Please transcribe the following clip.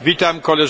witam koleżanki i kolegów.